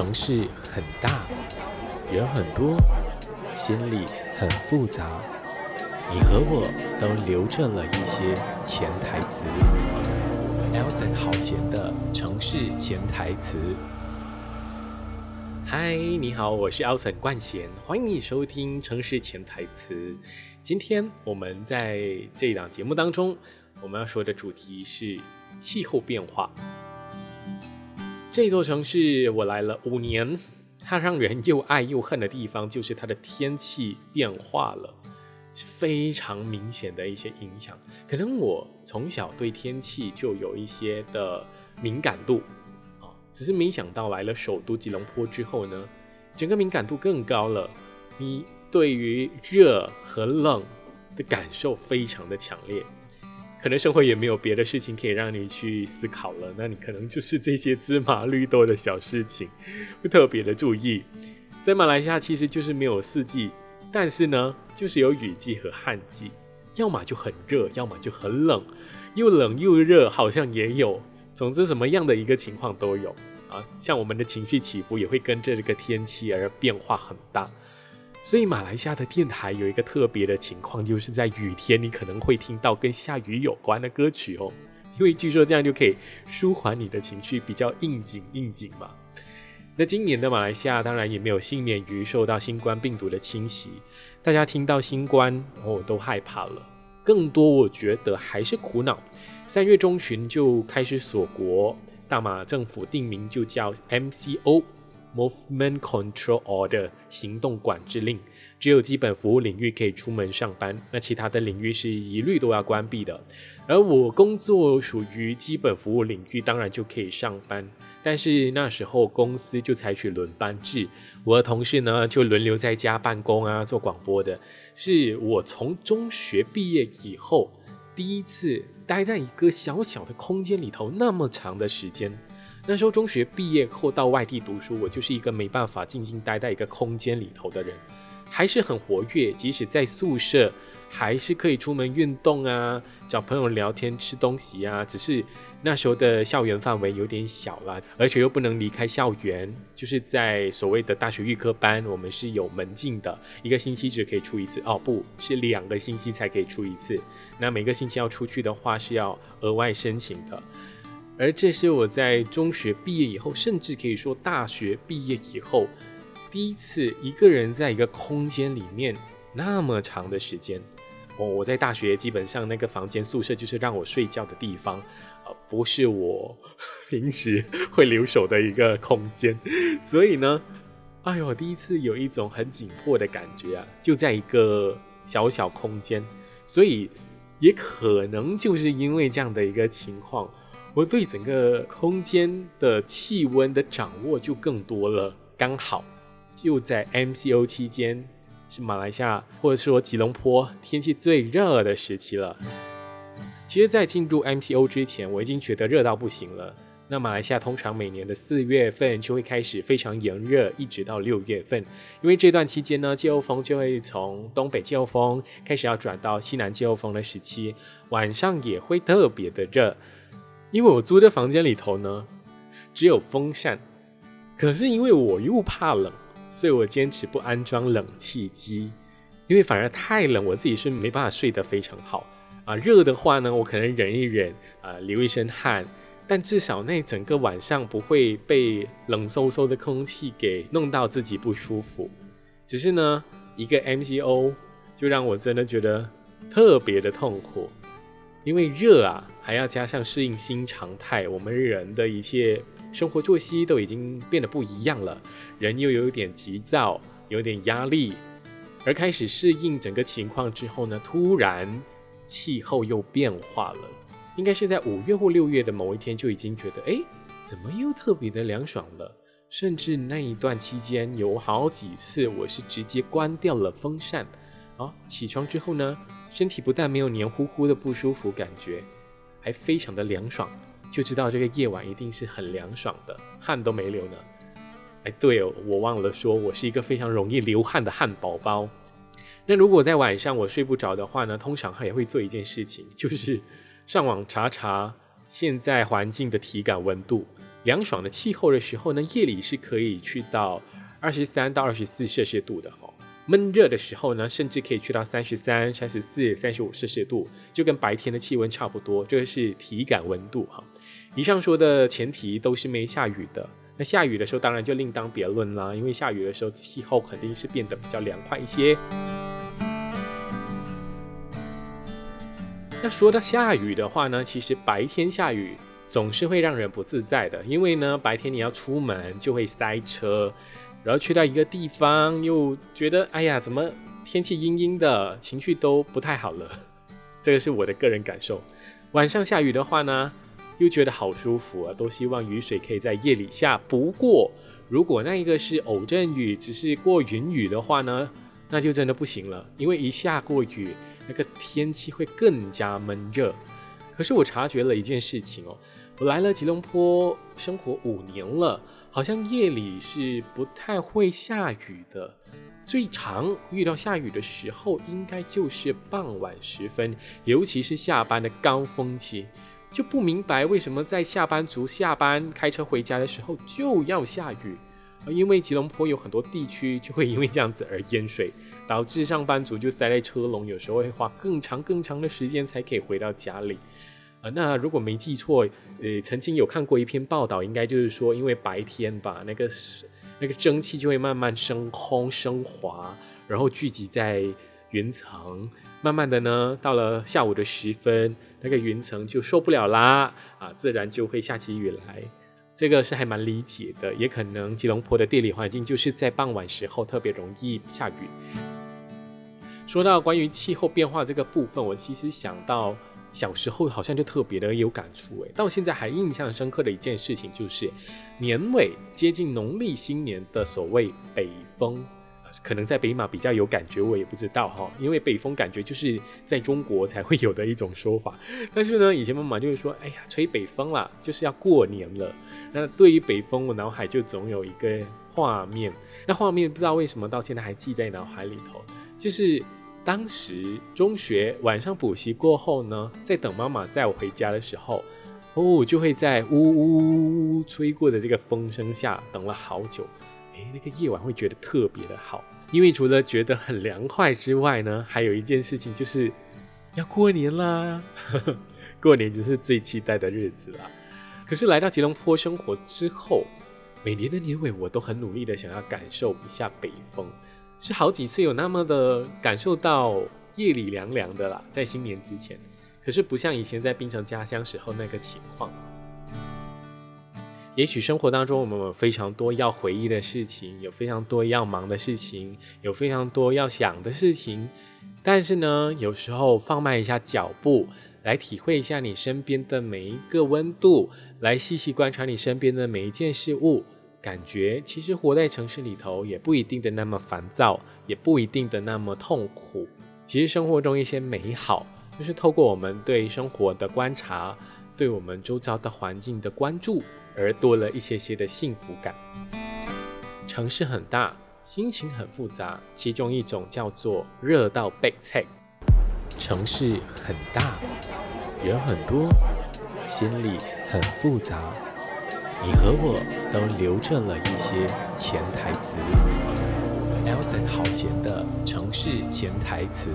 城市很大，人很多，心裡很複雜。你和我都留着了一些潛台詞。Alson 好閒的城市潛台詞。嗨，你好，我是 Alson 冠賢，歡迎你收聽《城市潛台詞》。今天我們在這一檔節目當中，我們要說的主題是氣候變化。這座城市我來了五年，它讓人又愛又恨的地方就是它的天氣變化了，是非常明顯的一些影響。可能我從小對天氣就有一些的敏感度，啊，只是沒想到來了首都吉隆坡之後呢，整個敏感度更高了。你對於熱和冷的感受非常的強烈。可能生活也沒有別的事情可以讓你去思考了，那你可能就是這些芝麻綠豆的小事情會特別的注意。在馬來西亞其實就是沒有四季，但是呢就是有雨季和旱季，要麼就很熱，要麼就很冷，又冷又熱好像也有，總之什麼樣的一個情況都有啊。像我們的情緒起伏也會跟着這個天氣而變化很大。所以馬來西亞的電台有一個特別的情況，就是在雨天，你可能會聽到跟下雨有關的歌曲哦，因為據說這樣就可以舒緩你的情緒，比較應景應景嘛。那今年的馬來西亞當然也沒有幸免於受到新冠病毒的侵襲，大家聽到新冠哦都害怕了，更多我覺得還是苦惱。三月中旬就開始鎖國，大馬政府定名就叫 MCO。Movement Control Order 行動管制令，只有基本服務領域可以出門上班，那其他的領域是一律都要關閉的。而我工作屬於基本服務領域，當然就可以上班。但是那時候公司就採取輪班制，我和同事呢就輪流在家辦公啊，做廣播的。是我從中學畢業以後第一次待在一個小小的空間裡頭那麼長的時間。那時候中學畢業後到外地讀書，我就是一個沒辦法靜靜待在一個空間裡頭的人，還是很活躍，即使在宿舍，還是可以出門運動啊，找朋友聊天、吃東西啊。只是那時候的校園範圍有點小了，而且又不能離開校園，就是在所謂的大學預科班，我們是有門禁的，一個星期只可以出一次，哦，不，是兩個星期才可以出一次。那每個星期要出去的話，是要額外申請的。而這是我在中學畢業以後，甚至可以說大學畢業以後，第一次一個人在一個空間裡面那麼長的時間。我、哦、我在大學基本上那個房間宿舍就是讓我睡覺的地方，啊、呃，不是我平時會留守的一個空間。所以呢，哎呦，第一次有一種很緊迫的感覺啊，就在一個小小空間。所以，也可能就是因為這樣的一個情況。我對整個空間的氣溫的掌握就更多了，剛好就在 MCO 期間是馬來西亞或者說吉隆坡天氣最熱的時期了。其實，在進入 MCO 之前，我已經覺得熱到不行了。那馬來西亞通常每年的四月份就會開始非常炎熱，一直到六月份，因為這段期間呢，季候風就會從東北季候風開始要轉到西南季候風的時期，晚上也會特別的熱。因為我租的房間裡頭呢，只有風扇，可是因為我又怕冷，所以我堅持不安裝冷氣機，因為反而太冷，我自己是沒辦法睡得非常好啊。熱的話呢，我可能忍一忍啊，流一身汗，但至少那整個晚上不會被冷颼颼的空氣給弄到自己不舒服。只是呢，一個 MCO 就讓我真的覺得特別的痛苦。因為熱啊，還要加上適應新常態，我們人的一切生活作息都已經變得不一樣了，人又有點急躁，有點壓力，而開始適應整個情況之後呢，突然氣候又變化了，應該是在五月或六月的某一天就已經覺得，哎，怎麼又特別的涼爽了？甚至那一段期間有好幾次，我是直接關掉了風扇。好、哦，起床之後呢，身體不但沒有黏糊糊的不舒服感覺，還非常的涼爽，就知道這個夜晚一定是很涼爽的，汗都沒流呢。哎，對哦，我忘了說，我是一個非常容易流汗的汗寶寶。那如果在晚上我睡不着的話呢，通常他也會做一件事情，就是上網查查現在環境的體感溫度，涼爽的氣候的時候呢，夜裡是可以去到二十三到二十四攝氏度的。悶熱的時候呢，甚至可以去到三十三、三十四、三十五攝氏度，就跟白天的氣溫差不多。這個是體感溫度哈。以上說的前提都是沒下雨的。那下雨的時候，當然就另當別論啦，因為下雨的時候，氣候肯定是變得比較涼快一些。那說到下雨的話呢，其實白天下雨總是會讓人不自在的，因為呢，白天你要出門就會塞車。然後去到一個地方，又覺得哎呀，怎麼天氣陰陰的，情緒都不太好了。這個是我的個人感受。晚上下雨的話呢，又覺得好舒服啊，都希望雨水可以在夜裡下。不過，如果那一個是偶陣雨，只是過雲雨的話呢，那就真的不行了，因為一下過雨，那個天氣會更加悶熱。可是我察覺了一件事情哦，我來了吉隆坡生活五年了。好像夜裡是不太會下雨的，最常遇到下雨的時候應該就是傍晚時分，尤其是下班的高峰期，就不明白為什麼在下班族下班開車回家的時候就要下雨，而因為吉隆坡有很多地區就會因為這樣子而淹水，導致上班族就塞在車龍，有時候會花更長更長的時間才可以回到家裡。啊、呃，那如果沒記錯，呃，曾經有看過一篇報道，應該就是說，因為白天吧，那個水那個蒸汽就會慢慢升空、升華，然後聚集在雲層，慢慢的呢，到了下午的時分，那個雲層就受不了啦，啊，自然就會下起雨來。這個是還蠻理解的，也可能吉隆坡的地理環境就是在傍晚時候特別容易下雨。說到關於氣候變化這個部分，我其實想到。小時候好像就特別的有感觸哎，到現在還印象深刻的一件事情就是，年尾接近農曆新年的所謂北風，可能在北馬比較有感覺，我也不知道哈、哦，因為北風感覺就是在中國才會有的一種說法。但是呢，以前媽媽就是說，哎呀，吹北風啦，就是要過年了。那對於北風，我腦海就總有一個畫面，那畫面不知道為什麼到現在還記在腦海裡頭，就是。當時中學晚上補習過後呢，在等媽媽載我回家的時候，哦，就會在嗚嗚嗚吹過的這個風聲下等了好久。哎，那個夜晚會覺得特別的好，因為除了覺得很涼快之外呢，還有一件事情就是要過年啦。 過年就是最期待的日子啦。可是來到吉隆坡生活之後，每年的年尾我都很努力的想要感受一下北風。是好幾次有那麼的感受到夜裡涼涼的啦，在新年之前，可是不像以前在檳城家鄉時候那個情況。也許生活當中我們有非常多要回憶的事情，有非常多要忙的事情，有非常多要想的事情，但是呢，有時候放慢一下腳步，來體會一下你身邊的每一個溫度，來細細觀察你身邊的每一件事物。感覺其實活在城市裡頭，也不一定的那麼煩躁，也不一定的那麼痛苦。其實生活中一些美好，就是透過我們對生活的觀察，對我們周遭的環境的關注，而多了一些些的幸福感。城市很大，心情很複雜，其中一種叫做熱到背菜。城市很大，人很多，心裡很複雜。你和我都留着了一些潛台詞，Elson 好閒的城市潛台詞。